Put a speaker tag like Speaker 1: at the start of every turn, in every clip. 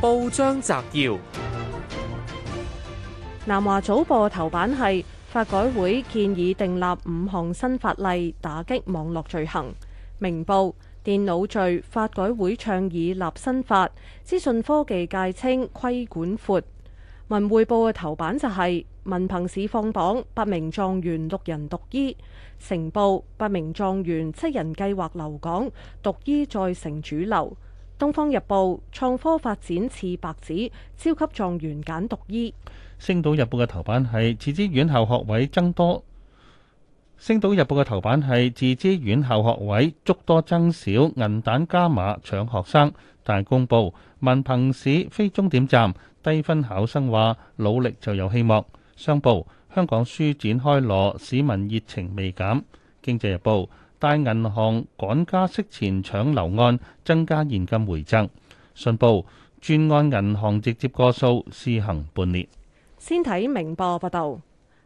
Speaker 1: 報章摘要：南華早報頭版係，法改會建議訂立五項新法例打擊網絡罪行。明報電腦罪，法改會倡議立新法，資訊科技界稱規管闊。文匯報嘅頭版就係文憑試放榜，八名狀元六人讀醫。成報八名狀元七人計劃留港，讀醫再成主流。《東方日報》創科發展似白紙，超級狀元揀讀醫。
Speaker 2: 《星島日報》嘅頭版係自資院校學位增多，《星島日報》嘅頭版係自資院校學位足多增少，銀彈加碼搶學生。大公報，文憑試非終點站，低分考生話努力就有希望。商報，香港書展開鑼，市民熱情未減。經濟日報。大銀行趕加息前搶樓按，增加現金回贈。信報轉按銀行直接過數，試行半年。
Speaker 1: 先睇明報報道，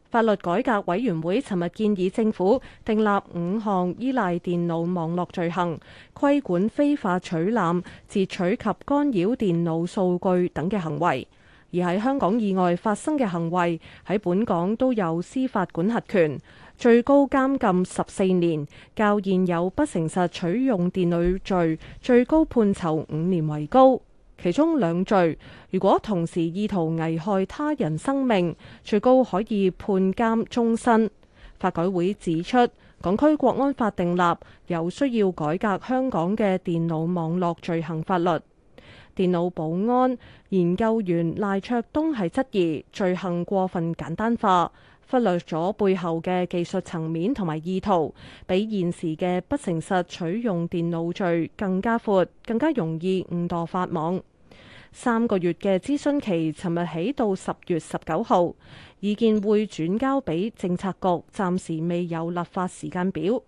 Speaker 1: 法律改革委員會尋日建議政府訂立五項依賴電腦網絡罪行，規管非法取覽、截取及干擾電腦數據等嘅行為。而喺香港以外發生嘅行為，喺本港都有司法管轄權。最高監禁十四年，較現有不誠實取用電腦罪最高判囚五年為高。其中兩罪，如果同時意圖危害他人生命，最高可以判監終身。法改會指出，港區國安法定立，有需要改革香港嘅電腦網絡罪行法律。電腦保安研究員賴卓東係質疑罪行過分簡單化。忽略咗背後嘅技術層面同埋意圖，比現時嘅不誠實取用電腦罪更加闊，更加容易誤墮法網。三個月嘅諮詢期，尋日起到十月十九號，意見會轉交俾政策局，暫時未有立法時間表。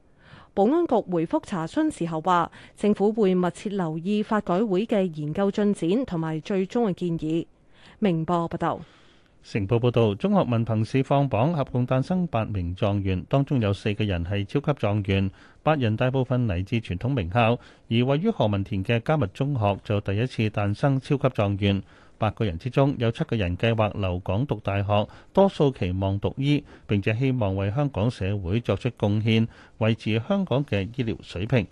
Speaker 1: 保安局回覆查詢時候話，政府會密切留意法改會嘅研究進展同埋最終嘅建議。明報報道。
Speaker 2: 成報報導，中學文憑試放榜，合共誕生八名狀元，當中有四個人係超級狀元。八人大部分嚟自傳統名校，而位於何文田嘅迦密中學就第一次誕生超級狀元。八個人之中，有七個人計劃留港讀大學，多數期望讀醫，並且希望為香港社會作出貢獻，維持香港嘅醫療水平。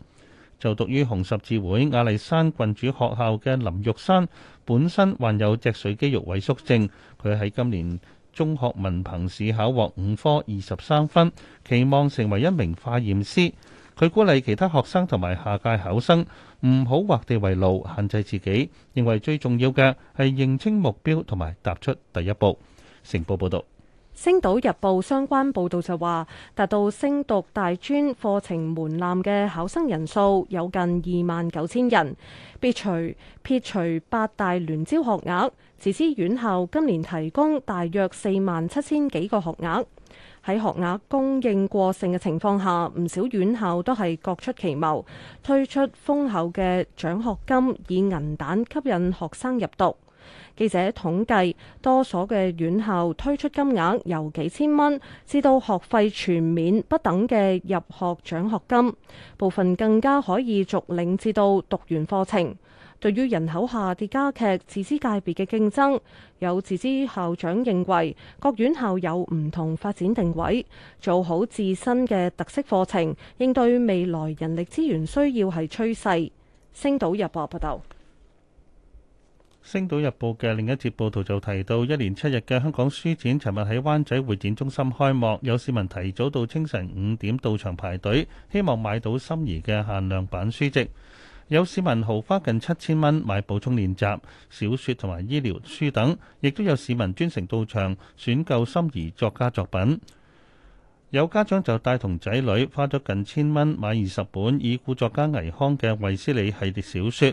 Speaker 2: 就讀於紅十字會雅麗珊郡主學校嘅林玉山。本身患有脊髓肌肉萎縮症，佢喺今年中學文憑試考獲五科二十三分，期望成為一名化驗師，佢鼓勵其他學生同埋下屆考生唔好畫地為牢，限制自己，認為最重要嘅係認清目標同埋踏出第一步。成報報道。
Speaker 1: 《星島日報》相關報道就話，達到升讀大專課程門檻嘅考生人數有近二萬九千人，撇除撇除八大聯招學額，自資院校今年提供大約四萬七千幾個學額。喺學額供應過剩嘅情況下，唔少院校都係各出奇謀，推出豐厚嘅獎學金，以銀彈吸引學生入讀。記者統計，多所嘅院校推出金額由幾千蚊至到學費全免不等嘅入學獎學金，部分更加可以續領至到讀完課程。對於人口下跌加劇，自資界別嘅競爭，有自資校長認為各院校有唔同發展定位，做好自身嘅特色課程，應對未來人力資源需要係趨勢。星島日報報、啊、道。
Speaker 2: 《星島日報》嘅另一則報道就提到，一連七日嘅香港書展，尋日喺灣仔會展中心開幕，有市民提早到清晨五點到場排隊，希望買到心儀嘅限量版書籍。有市民豪花近七千蚊買補充練習小說同埋醫療書等，亦都有市民專程到場選購心儀作家作品。有家長就帶同仔女花咗近千蚊買二十本已故作家倪匡嘅衛斯理系列小說。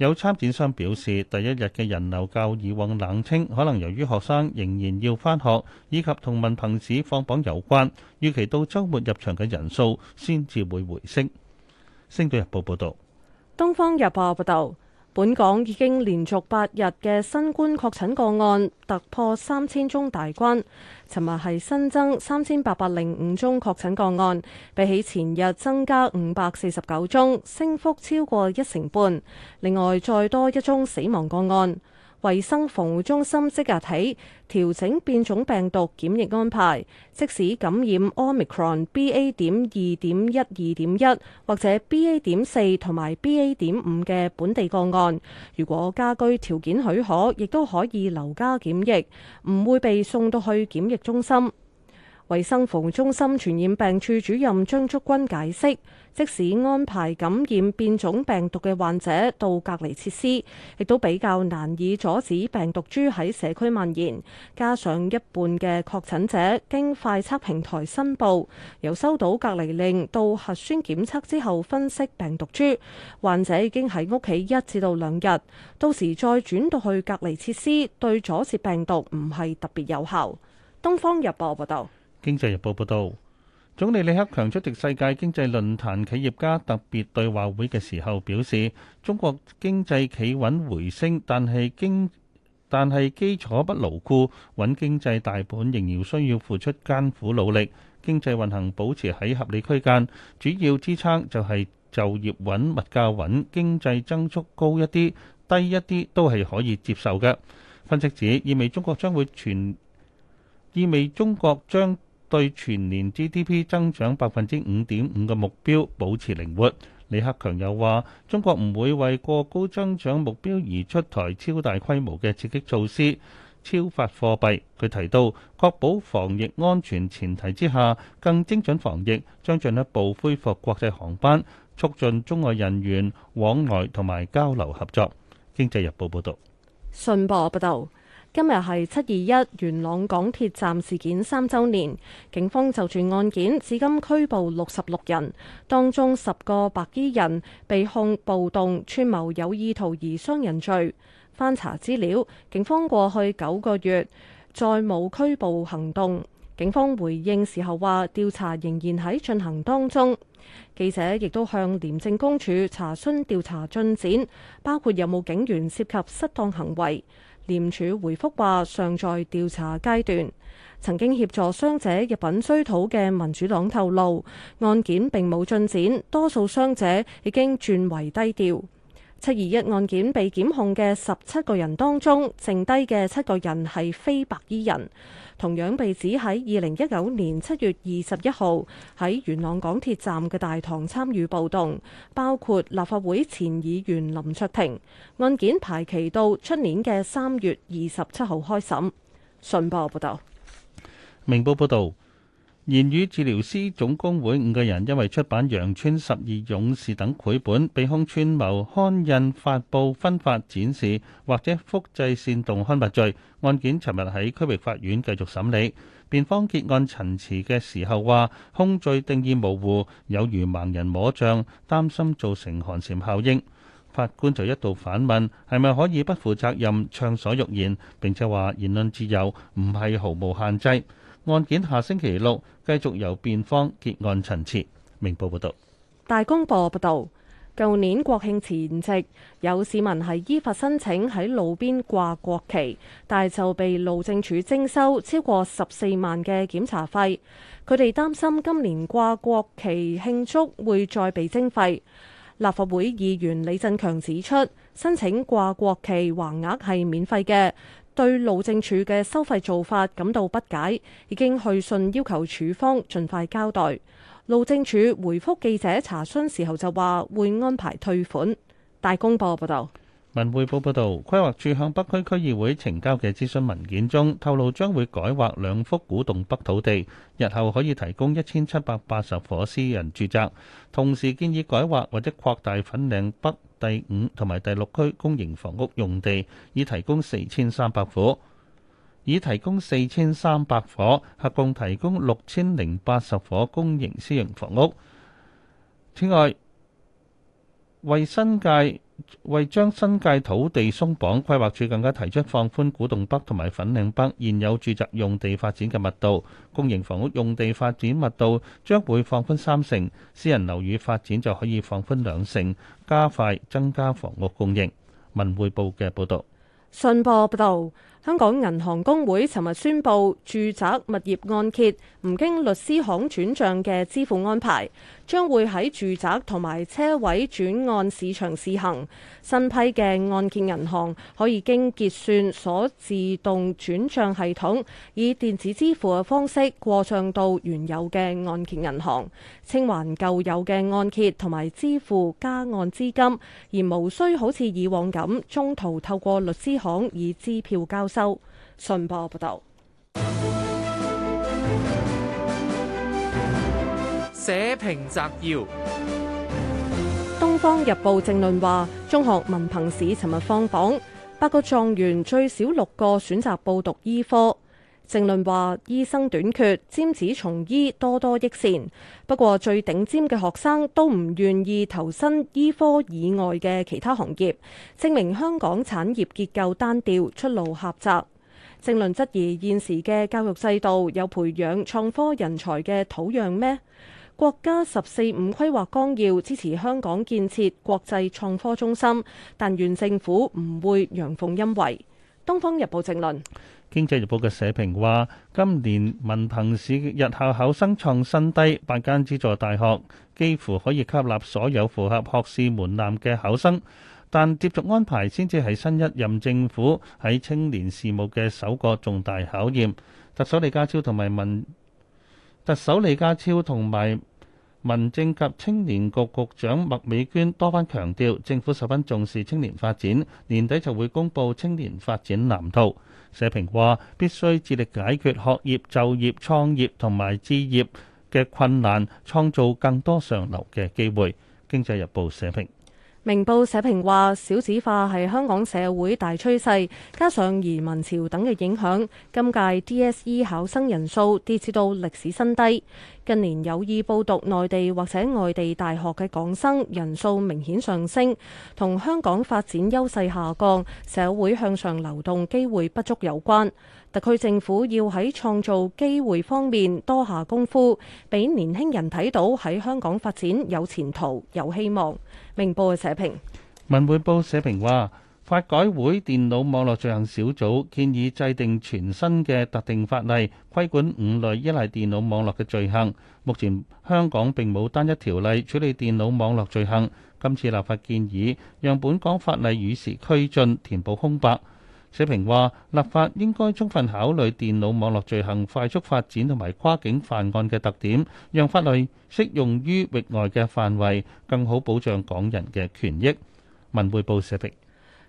Speaker 2: 有參展商表示，第一日嘅人流較以往冷清，可能由於學生仍然要返學，以及同文憑試放榜有關，預期到周末入場嘅人數先至會回升。星島日報報道，
Speaker 1: 東方日報報道。本港已經連續八日嘅新冠確診個案突破三千宗大關。尋日係新增三千八百零五宗確診個案，比起前日增加五百四十九宗，升幅超過一成半。另外，再多一宗死亡個案。衞生防護中心即日起調整變種病毒檢疫安排，即使感染 Omicron BA. 點二點一二點一或者 BA. 點四同埋 BA. 點五嘅本地個案，如果家居條件許可，亦都可以留家檢疫，唔會被送到去檢疫中心。衛生防護中心傳染病處主任張竹君解釋，即使安排感染變種病毒嘅患者到隔離設施，亦都比較難以阻止病毒株喺社區蔓延。加上一半嘅確診者經快測平台申報，由收到隔離令到核酸檢測之後分析病毒株，患者已經喺屋企一至到兩日，到時再轉到去隔離設施，對阻截病毒唔係特別有效。東方日報報道。
Speaker 2: 經濟日報報導，總理李克強出席世界經濟論壇企業家特別對話會嘅時候表示，中國經濟企穩回升，但係經但係基礎不牢固，穩經濟大盤仍然需要付出艱苦努力。經濟運行保持喺合理區間，主要支撐就係就業穩、物價穩、經濟增速高一啲、低一啲都係可以接受嘅。分析指，意味中國將會全，意味中國將對全年 GDP 增長百分之五點五嘅目標保持靈活，李克強又話：中國唔會為過高增長目標而出台超大規模嘅刺激措施，超發貨幣。佢提到，確保防疫安全前提之下，更精準防疫，將進一步恢復國際航班，促進中外人員往來同埋交流合作。經濟日報報道，
Speaker 1: 信報報道。今日係七二一元朗港鐵站事件三週年，警方就住案件至今拘捕六十六人，當中十個白衣人被控暴動、串謀有意圖而傷人罪。翻查資料，警方過去九個月再冇拘捕行動。警方回應時候話，調查仍然喺進行當中。記者亦都向廉政公署查詢調查進展，包括有冇警員涉及失當行為。廉署回覆話尚在調查階段。曾經協助傷者入稟追討嘅民主黨透露，案件並冇進展，多數傷者已經轉為低調。七二一案件被檢控嘅十七個人當中，剩低嘅七個人係非白衣人，同樣被指喺二零一九年七月二十一號喺元朗港鐵站嘅大堂參與暴動，包括立法會前議員林卓廷。案件排期到出年嘅三月二十七號開審。信報報道。
Speaker 2: 明報報道。言語治療師總工會五個人因為出版《羊村十二勇士》等繪本被控串謀刊印、發布、分發、展示或者複製煽動刊物罪，案件尋日喺區域法院繼續審理。辯方結案陳詞嘅時候話，控罪定義模糊，有如盲人摸象，擔心造成寒蟬效應。法官就一度反問：係咪可以不負責任、暢所欲言，並且話言論自由唔係毫無限制？案件下星期六繼續由辯方結案陳詞。明報報道，
Speaker 1: 大公報報道，舊年國慶前夕，有市民係依法申請喺路邊掛國旗，但就被路政署徵收超過十四萬嘅檢查費。佢哋擔心今年掛國旗慶祝會再被徵費。立法會議員李振強指出，申請掛國旗橫額係免費嘅。對路政署嘅收費做法感到不解，已經去信要求署方盡快交代。路政署回覆記者查詢時候就話會安排退款。大公報報道。
Speaker 2: 文匯報報道，規劃處向北區區議會呈交嘅諮詢文件中，透露將會改劃兩幅古洞北土地，日後可以提供一千七百八十伙私人住宅，同時建議改劃或者擴大粉嶺北第五同埋第六區公營房屋用地，以提供四千三百伙，以提供四千三百伙，合共提供六千零八十伙公營私營房屋。此外，為新界。為將新界土地鬆綁，規劃署更加提出放寬古洞北同埋粉嶺北現有住宅用地發展嘅密度，公營房屋用地發展密度將會放寬三成，私人樓宇發展就可以放寬兩成，加快增加房屋供應。文匯報嘅報，報，報道，
Speaker 1: 信報報道。香港銀行公會尋日宣布，住宅物業按揭唔經律師行轉賬嘅支付安排，將會喺住宅同埋車位轉按市場試行。新批嘅按揭銀行可以經結算所自動轉賬系統，以電子支付嘅方式過帳到原有嘅按揭銀行，清還舊有嘅按揭同埋支付加按資金，而無需好似以往咁中途透過律師行以支票交。收信報報道，社評摘要：東方日報正論話，中學文憑試尋日放榜，八個狀元最少六個選擇報讀醫科。政論話醫生短缺，尖子從醫多多益善。不過最頂尖嘅學生都唔願意投身醫科以外嘅其他行業，證明香港產業結構單調，出路狹窄。政論質疑現時嘅教育制度有培養創科人才嘅土壤咩？國家十四五規劃綱要支持香港建設國際創科中心，但願政府唔會陽奉陰違。《東方日報》正論，
Speaker 2: 《經濟日報》嘅社評話：今年文憑試日校考生創新低，八間資助大學幾乎可以吸納所有符合學士門檻嘅考生，但接續安排先至係新一任政府喺青年事務嘅首個重大考驗。特首李家超同埋文，特首李家超同埋。民政及青年局局長麥美娟多番強調，政府十分重視青年發展，年底就會公布青年發展藍圖。社評話，必須致力解決學業、就業、創業同埋置業嘅困難，創造更多上流嘅機會。經濟日報社評。
Speaker 1: 明報社評話：少子化係香港社會大趨勢，加上移民潮等嘅影響，今屆 DSE 考生人數跌至到歷史新低。近年有意報讀內地或者外地大學嘅港生人數明顯上升，同香港發展優勢下降、社會向上流動機會不足有關。特區政府要喺創造機會方面多下功夫，俾年輕人睇到喺香港發展有前途、有希望。明報嘅社評。
Speaker 2: 文匯報社評話，法改會電腦網絡罪行小組建議制定全新嘅特定法例，規管五類依賴電腦網絡嘅罪行。目前香港並冇單一條例處理電腦網絡罪行，今次立法建議讓本港法例與時俱進，填補空白。社評話，立法應該充分考慮電腦網絡罪行快速發展同埋跨境犯案嘅特點，讓法律適用於域外嘅範圍，更好保障港人嘅權益。文匯報社評。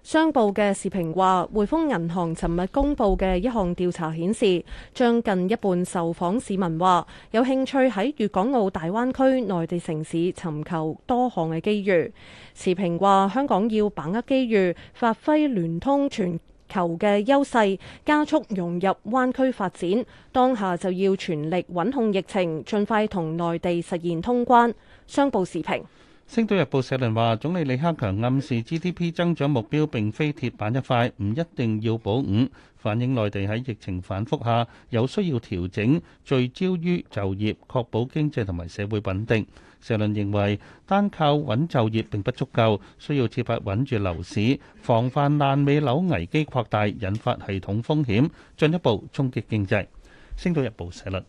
Speaker 1: 商報嘅時評話，匯豐銀行尋日公佈嘅一項調查顯示，將近一半受訪市民話有興趣喺粵港澳大灣區內地城市尋求多項嘅機遇。時評話，香港要把握機遇，發揮聯通全求嘅優勢加速融入灣區發展。當下就要全力穩控疫情，盡快同內地實現通關。商報時評，
Speaker 2: 《星島日報》社論話：總理李克強暗示 GDP 增長目標並非鐵板一塊，唔一定要保五，反映內地喺疫情反覆下有需要調整，聚焦於就業，確保經濟同埋社會穩定。社論認為，單靠穩就業並不足夠，需要設法穩住樓市，防範爛尾樓危機擴大，引發系統風險，進一步衝擊經濟。星島日報社論。